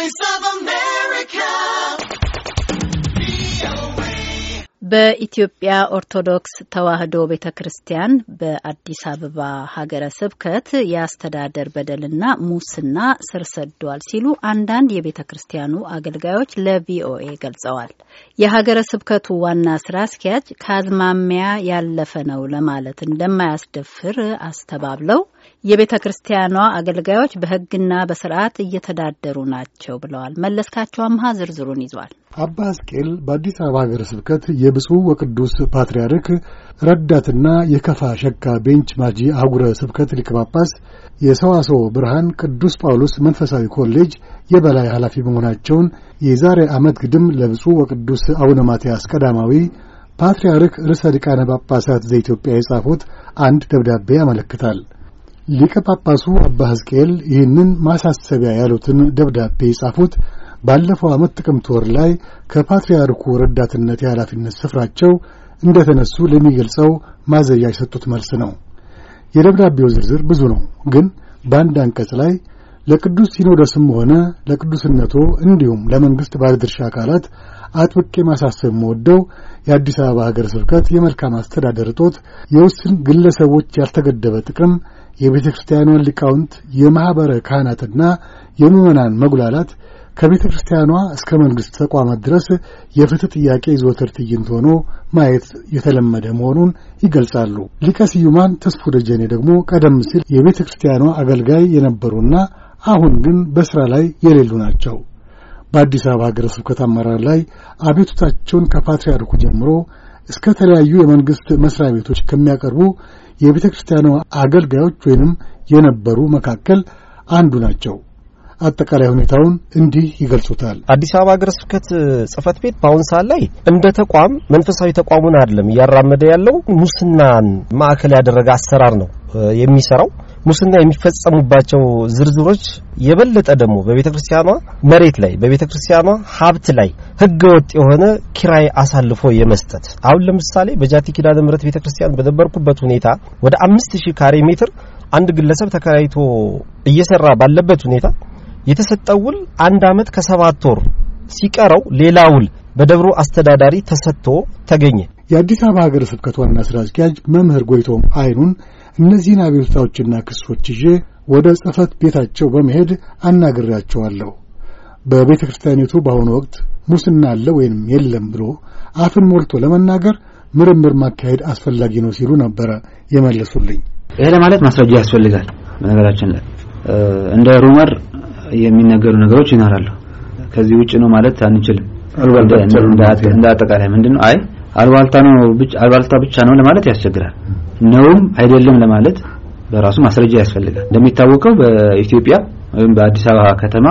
Voice of በኢትዮጵያ ኦርቶዶክስ ተዋሕዶ ቤተ ክርስቲያን በአዲስ አበባ ሀገረ ስብከት የአስተዳደር በደልና ሙስና ስር ሰዷል ሲሉ አንዳንድ የቤተ ክርስቲያኑ አገልጋዮች ለቪኦኤ ገልጸዋል። የሀገረ ስብከቱ ዋና ስራ አስኪያጅ ከአዝማሚያ ያለፈ ነው ለማለት እንደማያስደፍር አስተባብለው የቤተ ክርስቲያኗ አገልጋዮች በሕግና በስርዓት እየተዳደሩ ናቸው ብለዋል። መለስካቸው አምሃ ዝርዝሩን ይዟል። አባ ሕዝቅኤል በአዲስ አበባ ሀገረ ስብከት የብፁዕ ወቅዱስ ፓትርያርክ ረዳትና የከፋ ሸካ ቤንች ማጂ አህጉረ ስብከት ሊቀ ጳጳስ የሰዋስወ ብርሃን ቅዱስ ጳውሎስ መንፈሳዊ ኮሌጅ የበላይ ኃላፊ መሆናቸውን የዛሬ ዓመት ግድም ለብፁዕ ወቅዱስ አቡነ ማትያስ ቀዳማዊ ፓትርያርክ ርዕሰ ሊቃነ ጳጳሳት ዘኢትዮጵያ የጻፉት አንድ ደብዳቤ ያመለክታል። ሊቀ ጳጳሱ አባ ሕዝቅኤል ይህንን ማሳሰቢያ ያሉትን ደብዳቤ የጻፉት ባለፈው ዓመት ጥቅምት ወር ላይ ከፓትርያርኩ ረዳትነት የኃላፊነት ስፍራቸው እንደተነሱ ለሚገልጸው ማዘያ የሰጡት መልስ ነው። የደብዳቤው ዝርዝር ብዙ ነው፣ ግን በአንድ አንቀጽ ላይ ለቅዱስ ሲኖዶስም ሆነ ለቅዱስነቶ እንዲሁም ለመንግሥት ባለድርሻ አካላት አጥብቄ ማሳሰብ መወደው የአዲስ አበባ ሀገረ ስብከት የመልካም አስተዳደር እጦት፣ የውስን ግለሰቦች ያልተገደበ ጥቅም፣ የቤተ ክርስቲያኗን ሊቃውንት፣ የማኅበረ ካህናትና የምዕመናን መጉላላት ከቤተ ክርስቲያኗ እስከ መንግሥት ተቋማት ድረስ የፍትህ ጥያቄ ይዞተር ትዕይንት ሆኖ ማየት የተለመደ መሆኑን ይገልጻሉ። ሊቀ ስዩማን ተስፉ ደጀኔ ደግሞ ቀደም ሲል የቤተ ክርስቲያኗ አገልጋይ የነበሩና አሁን ግን በሥራ ላይ የሌሉ ናቸው። በአዲስ አበባ ሀገረ ስብከት አመራር ላይ አቤቱታቸውን ከፓትርያርኩ ጀምሮ እስከ ተለያዩ የመንግሥት መሥሪያ ቤቶች ከሚያቀርቡ የቤተ ክርስቲያኗ አገልጋዮች ወይንም የነበሩ መካከል አንዱ ናቸው። አጠቃላይ ሁኔታውን እንዲህ ይገልጹታል። አዲስ አበባ ሀገረ ስብከት ጽሕፈት ቤት በአሁን ሰዓት ላይ እንደ ተቋም መንፈሳዊ ተቋሙን አይደለም እያራመደ ያለው ሙስናን ማዕከል ያደረገ አሰራር ነው የሚሰራው። ሙስና የሚፈጸሙባቸው ዝርዝሮች የበለጠ ደግሞ በቤተ ክርስቲያኗ መሬት ላይ በቤተ ክርስቲያኗ ሀብት ላይ ህገ ወጥ የሆነ ኪራይ አሳልፎ የመስጠት አሁን ለምሳሌ በጃቲ ኪዳነ ምሕረት ቤተ ክርስቲያን በነበርኩበት ሁኔታ ወደ አምስት ሺህ ካሬ ሜትር አንድ ግለሰብ ተከራይቶ እየሰራ ባለበት ሁኔታ የተሰጠው ውል አንድ ዓመት ከሰባት ወር ሲቀረው ሌላ ውል በደብሩ አስተዳዳሪ ተሰጥቶ ተገኘ። የአዲስ አበባ ሀገረ ስብከት ዋና ስራ አስኪያጅ መምህር ጎይቶም አይኑን እነዚህን አቤቱታዎችና ክሶች ይዤ ወደ ጽፈት ቤታቸው በመሄድ አናግሬያቸዋለሁ። በቤተ ክርስቲያኒቱ በአሁኑ ወቅት ሙስና አለ ወይም የለም ብሎ አፍን ሞልቶ ለመናገር ምርምር ማካሄድ አስፈላጊ ነው ሲሉ ነበረ የመለሱልኝ። ይሄ ለማለት ማስረጃ ያስፈልጋል። በነገራችን ላይ እንደ ሩመር የሚነገሩ ነገሮች ይኖራሉ። ከዚህ ውጭ ነው ማለት አንችልም። እንደ አጠቃላይ ነው አይ አልባልታ ነው አልባልታ ብቻ ነው ለማለት ያስቸግራል። ነውም አይደለም ለማለት በራሱ ማስረጃ ያስፈልጋል። እንደሚታወቀው በኢትዮጵያ ወይም በአዲስ አበባ ከተማ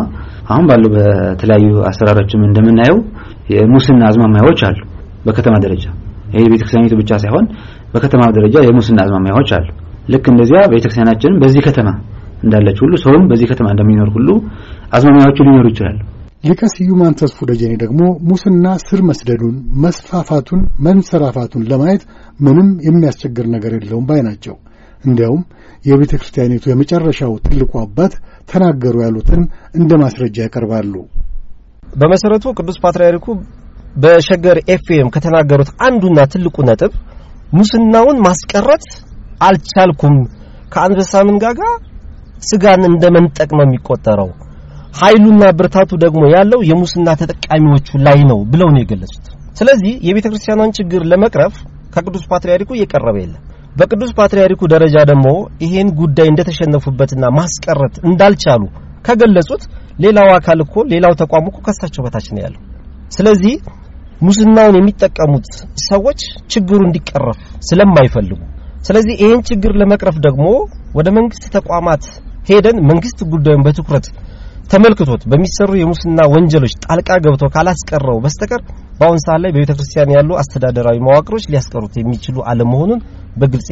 አሁን ባሉ በተለያዩ አሰራሮችም እንደምናየው የሙስና አዝማማያዎች አሉ። በከተማ ደረጃ ይሄ ቤተክርስቲያኒቱ ብቻ ሳይሆን በከተማ ደረጃ የሙስና አዝማሚያዎች አሉ። ልክ እንደዚያ ቤተክርስቲያናችንም በዚህ ከተማ እንዳለች ሁሉ ሰውም በዚህ ከተማ እንደሚኖር ሁሉ አዝማሚያዎቹ ሊኖሩ ይችላሉ። ሊቀ ስዩማን ተስፉ ደጀኔ ደግሞ ሙስና ስር መስደዱን፣ መስፋፋቱን፣ መንሰራፋቱን ለማየት ምንም የሚያስቸግር ነገር የለውም ባይ ናቸው። እንዲያውም የቤተ ክርስቲያኒቱ የመጨረሻው ትልቁ አባት ተናገሩ ያሉትን እንደ ማስረጃ ያቀርባሉ። በመሰረቱ ቅዱስ ፓትርያርኩ በሸገር ኤፍኤም ከተናገሩት አንዱና ትልቁ ነጥብ ሙስናውን ማስቀረት አልቻልኩም ከአንበሳ መንጋጋ ስጋን እንደ መንጠቅ ነው የሚቆጠረው። ኃይሉና ብርታቱ ደግሞ ያለው የሙስና ተጠቃሚዎቹ ላይ ነው ብለው ነው የገለጹት። ስለዚህ የቤተ ክርስቲያኗን ችግር ለመቅረፍ ከቅዱስ ፓትርያርኩ እየቀረበ የለም። በቅዱስ ፓትርያርኩ ደረጃ ደግሞ ይሄን ጉዳይ እንደተሸነፉበትና ማስቀረት እንዳልቻሉ ከገለጹት ሌላው አካል እኮ ሌላው ተቋም እኮ ከሳቸው በታች ነው ያለው። ስለዚህ ሙስናውን የሚጠቀሙት ሰዎች ችግሩ እንዲቀረፍ ስለማይፈልጉ ስለዚህ ይሄን ችግር ለመቅረፍ ደግሞ ወደ መንግስት ተቋማት ሄደን መንግስት ጉዳዩን በትኩረት ተመልክቶት በሚሰሩ የሙስና ወንጀሎች ጣልቃ ገብቶ ካላስቀረው በስተቀር በአሁን ሰዓት ላይ በቤተ ክርስቲያን ያሉ አስተዳደራዊ መዋቅሮች ሊያስቀሩት የሚችሉ አለመሆኑን በግልጽ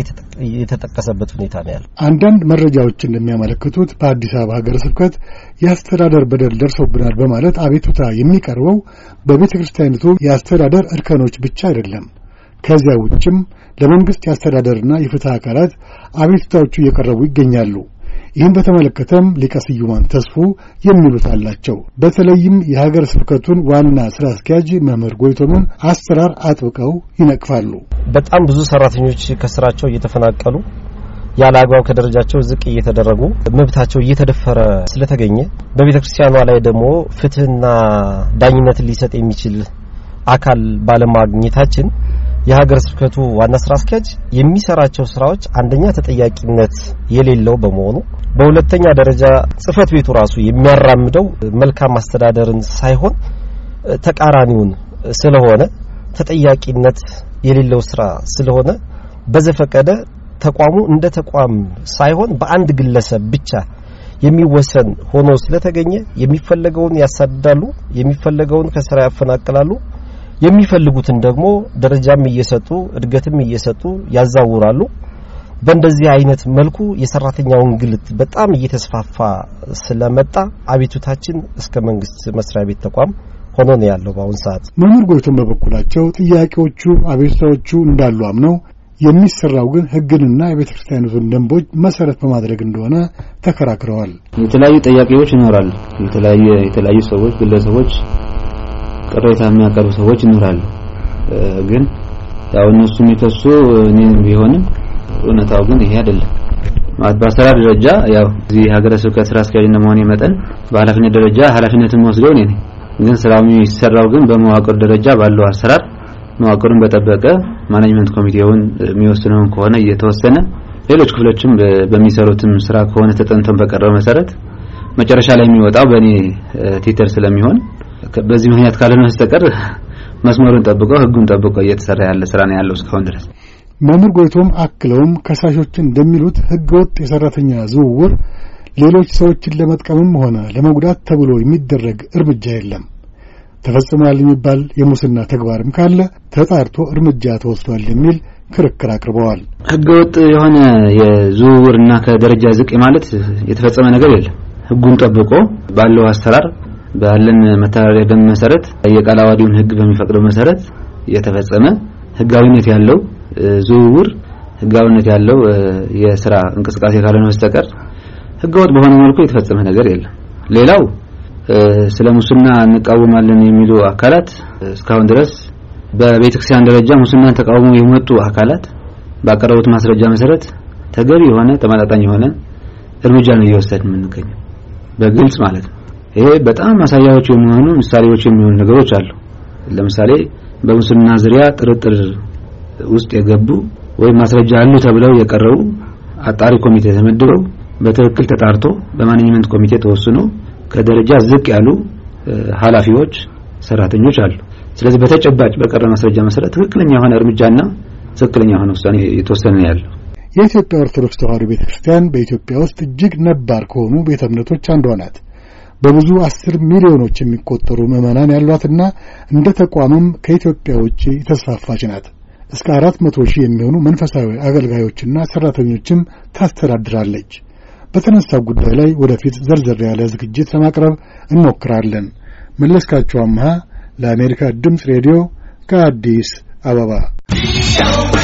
የተጠቀሰበት ሁኔታ ነው ያለው። አንዳንድ መረጃዎች እንደሚያመለክቱት በአዲስ አበባ ሀገረ ስብከት የአስተዳደር በደል ደርሶብናል በማለት አቤቱታ የሚቀርበው በቤተ ክርስቲያኒቱ የአስተዳደር እርከኖች ብቻ አይደለም። ከዚያ ውጭም ለመንግስት የአስተዳደርና የፍትህ አካላት አቤቱታዎቹ እየቀረቡ ይገኛሉ። ይህም በተመለከተም ሊቀስዩማን ተስፉ የሚሉት አላቸው። በተለይም የሀገር ስብከቱን ዋና ስራ አስኪያጅ መምህር ጎይቶምን አሰራር አጥብቀው ይነቅፋሉ። በጣም ብዙ ሰራተኞች ከስራቸው እየተፈናቀሉ ያለ አግባብ ከደረጃቸው ዝቅ እየተደረጉ መብታቸው እየተደፈረ ስለተገኘ በቤተ ክርስቲያኗ ላይ ደግሞ ፍትህና ዳኝነትን ሊሰጥ የሚችል አካል ባለማግኘታችን የሀገር ስብከቱ ዋና ስራ አስኪያጅ የሚሰራቸው ስራዎች አንደኛ ተጠያቂነት የሌለው በመሆኑ በሁለተኛ ደረጃ ጽህፈት ቤቱ ራሱ የሚያራምደው መልካም አስተዳደርን ሳይሆን ተቃራኒውን ስለሆነ ተጠያቂነት የሌለው ስራ ስለሆነ በዘፈቀደ ተቋሙ እንደ ተቋም ሳይሆን በአንድ ግለሰብ ብቻ የሚወሰን ሆኖ ስለተገኘ የሚፈለገውን ያሳድዳሉ፣ የሚፈለገውን ከስራ ያፈናቅላሉ። የሚፈልጉትን ደግሞ ደረጃም እየሰጡ እድገትም እየሰጡ ያዛውራሉ። በእንደዚህ አይነት መልኩ የሰራተኛው እንግልት በጣም እየተስፋፋ ስለመጣ አቤቱታችን እስከ መንግስት መስሪያ ቤት ተቋም ሆኖ ነው ያለው። በአሁን ሰዓት መምህር ጎይቶም በበኩላቸው ጥያቄዎቹ፣ አቤቱታዎቹ እንዳሉ አምነው የሚሰራው ግን ህግንና የቤተ ክርስቲያኒቱን ደንቦች መሰረት በማድረግ እንደሆነ ተከራክረዋል። የተለያዩ ጥያቄዎች ይኖራል። የተለያዩ ሰዎች ግለሰቦች ቅሬታ የሚያቀርቡ ሰዎች ይኖራሉ። ግን ያው እነሱ የሚከሱ እኔም ቢሆንም እውነታው ግን ይሄ አይደለም። ማለት ደረጃ ያው እዚህ ሀገረ ስብከት ስራ አስኪያጅ እንደመሆኔ መጠን በኃላፊነት ደረጃ ኃላፊነትን ወስደው እኔ ነኝ። ግን ስራው የሚሰራው ግን በመዋቅር ደረጃ ባለው አሰራር መዋቅሩን በጠበቀ ማኔጅመንት ኮሚቴውን የሚወስነውን ከሆነ እየተወሰነ ሌሎች ክፍሎችም በሚሰሩትም ስራ ከሆነ ተጠንተን በቀረው መሰረት መጨረሻ ላይ የሚወጣው በእኔ ቲተር ስለሚሆን በዚህ ምክንያት ካልሆነ በስተቀር መስመሩን ጠብቆ ህጉን ጠብቆ እየተሰራ ያለ ስራ ነው ያለው እስካሁን ድረስ። መምህር ጎይቶም አክለውም ከሳሾች እንደሚሉት ህገወጥ የሰራተኛ ዝውውር ሌሎች ሰዎችን ለመጥቀምም ሆነ ለመጉዳት ተብሎ የሚደረግ እርምጃ የለም። ተፈጽሟል የሚባል የሙስና ተግባርም ካለ ተጣርቶ እርምጃ ተወስዷል የሚል ክርክር አቅርበዋል። ህገወጥ የሆነ የዝውውርና ከደረጃ ዝቅ ማለት የተፈጸመ ነገር የለም። ህጉን ጠብቆ ባለው አሰራር ባለን መተዳደሪያ ደንብ መሰረት የቃለ ህግ በሚፈቅደው መሰረት የተፈጸመ ህጋዊነት ያለው ዝውውር ህጋዊነት ያለው የስራ እንቅስቃሴ ካልሆነ በስተቀር ህገወጥ በሆነ መልኩ የተፈጸመ ነገር የለም። ሌላው ስለ ሙስና እንቃወማለን የሚሉ አካላት እስካሁን ድረስ በቤተክርስቲያን ደረጃ ሙስናን ተቃውሞ የመጡ አካላት ባቀረቡት ማስረጃ መሰረት ተገቢ የሆነ ተመጣጣኝ የሆነ እርምጃ ነው እየወሰድን የምንገኘው፣ በግልጽ ማለት ነው። ይሄ በጣም ማሳያዎች የሚሆኑ ምሳሌዎች የሚሆኑ ነገሮች አሉ። ለምሳሌ በሙስና ዙሪያ ጥርጥር ውስጥ የገቡ ወይም ማስረጃ አሉ ተብለው የቀረቡ አጣሪ ኮሚቴ ተመድበው በትክክል ተጣርቶ በማኔጅመንት ኮሚቴ ተወስኖ ከደረጃ ዝቅ ያሉ ኃላፊዎች፣ ሰራተኞች አሉ። ስለዚህ በተጨባጭ በቀረ ማስረጃ መሰረት ትክክለኛ የሆነ እርምጃና ትክክለኛ የሆነ ውሳኔ የተወሰነ ያለው የኢትዮጵያ ኦርቶዶክስ ተዋሕዶ ቤተክርስቲያን በኢትዮጵያ ውስጥ እጅግ ነባር ከሆኑ ቤተ እምነቶች አንዷ ናት። በብዙ አስር ሚሊዮኖች የሚቆጠሩ ምዕመናን ያሏትና እንደ ተቋምም ከኢትዮጵያ ውጭ የተስፋፋች ናት። እስከ አራት መቶ ሺህ የሚሆኑ መንፈሳዊ አገልጋዮችና ሠራተኞችም ታስተዳድራለች። በተነሳው ጉዳይ ላይ ወደፊት ዘርዘር ያለ ዝግጅት ለማቅረብ እንሞክራለን። መለስካቸው አምሃ ለአሜሪካ ድምፅ ሬዲዮ ከአዲስ አበባ